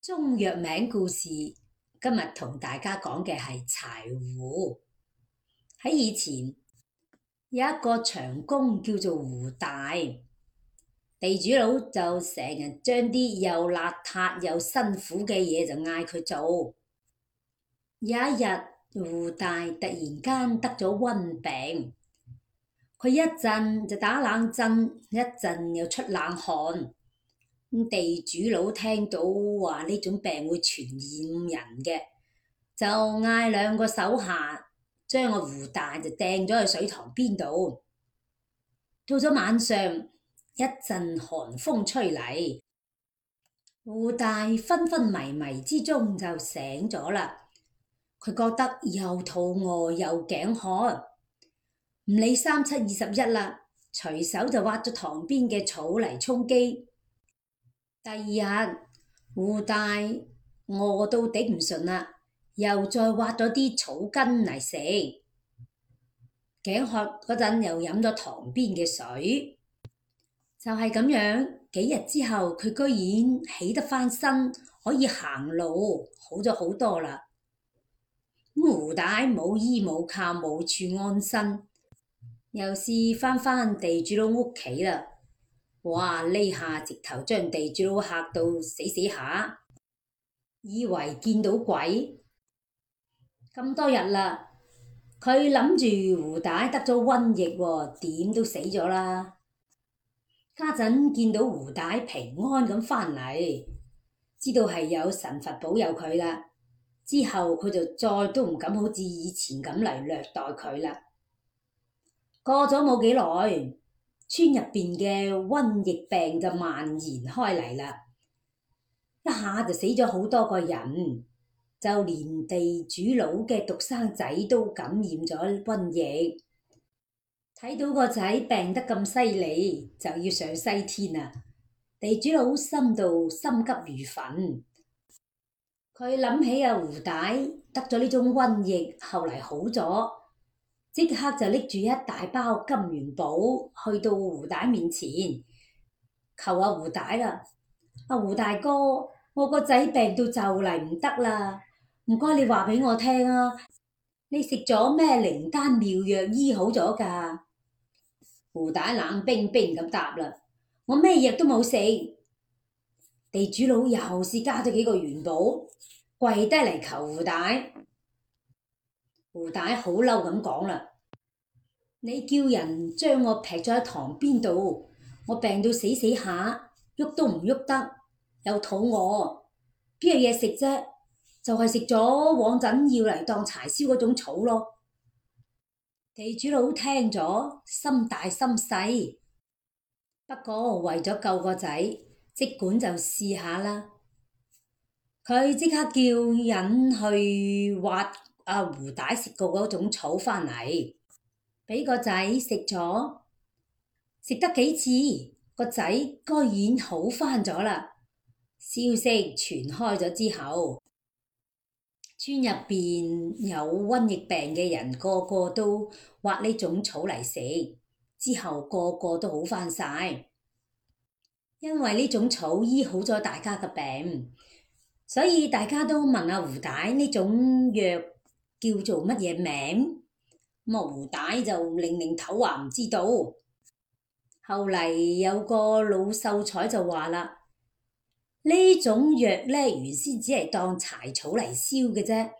中藥名故事，今日同大家講嘅係柴胡。喺以前，有一個長工叫做胡大，地主佬就成日將啲又邋遢又辛苦嘅嘢就嗌佢做。有一日，胡大突然間得咗瘟病，佢一陣就打冷震，一陣又出冷汗。咁地主佬聽到話呢種病會傳染人嘅，就嗌兩個手下將個胡大就掟咗去水塘邊度。到咗晚上，一陣寒風吹嚟，胡大昏昏迷迷之中就醒咗啦。佢覺得又肚餓又頸渴，唔理三七二十一啦，隨手就挖咗塘邊嘅草嚟充飢。第二日，胡大餓到頂唔順啦，又再挖咗啲草根嚟食，頸渴嗰陣又飲咗塘邊嘅水，就係咁樣，幾日之後佢居然起得翻身，可以行路，好咗好多啦。咁胡大冇依冇靠冇處安身，又試翻返地主佬屋企啦。哇！呢下直頭將地主佬嚇到死死下，以為見到鬼。咁多日啦，佢諗住胡帶得咗瘟疫，點都死咗啦。家陣見到胡帶平安咁返嚟，知道係有神佛保佑佢啦。之後佢就再都唔敢好似以前咁嚟虐待佢啦。過咗冇幾耐。村入邊嘅瘟疫病就蔓延開嚟啦，一下就死咗好多個人，就連地主佬嘅獨生仔都感染咗瘟疫，睇到個仔病得咁犀利，就要上西天啦！地主佬心到心急如焚，佢諗起阿胡大得咗呢種瘟疫，後嚟好咗。即刻就拎住一大包金元寶，去到胡大面前，求阿、啊、胡大啦！阿、啊、胡大哥，我個仔病到就嚟唔得啦，唔該你話俾我聽啊！你食咗咩靈丹妙藥醫好咗㗎？胡大冷冰冰咁答啦，我咩藥都冇食。地主佬又是加咗幾個元寶，跪低嚟求胡大。胡大好嬲咁講啦！你叫人將我劈咗喺塘邊度，我病到死死下，喐都唔喐得，又肚餓，邊有嘢食啫？就係食咗往陣要嚟當柴燒嗰種草咯。地主佬聽咗，心大心細，不過為咗救個仔，即管就試下啦。佢即刻叫人去挖。阿、啊、胡大食過嗰種草返嚟，俾個仔食咗，食得幾次，個仔居然好翻咗啦！消息傳開咗之後，村入邊有瘟疫病嘅人個個都挖呢種草嚟食，之後個個都好翻晒，因為呢種草醫好咗大家嘅病，所以大家都問阿、啊、胡大呢種藥叫做乜嘢名？咁啊，胡大就擰擰頭話唔知道。後嚟有個老秀才就話啦：呢種藥呢，原先只係當柴草嚟燒嘅啫。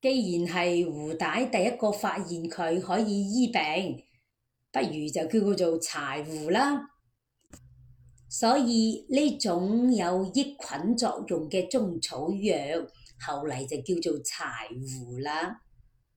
既然係胡大第一個發現佢可以醫病，不如就叫佢做柴胡啦。所以呢種有抑菌作用嘅中草藥。後嚟就叫做柴胡啦。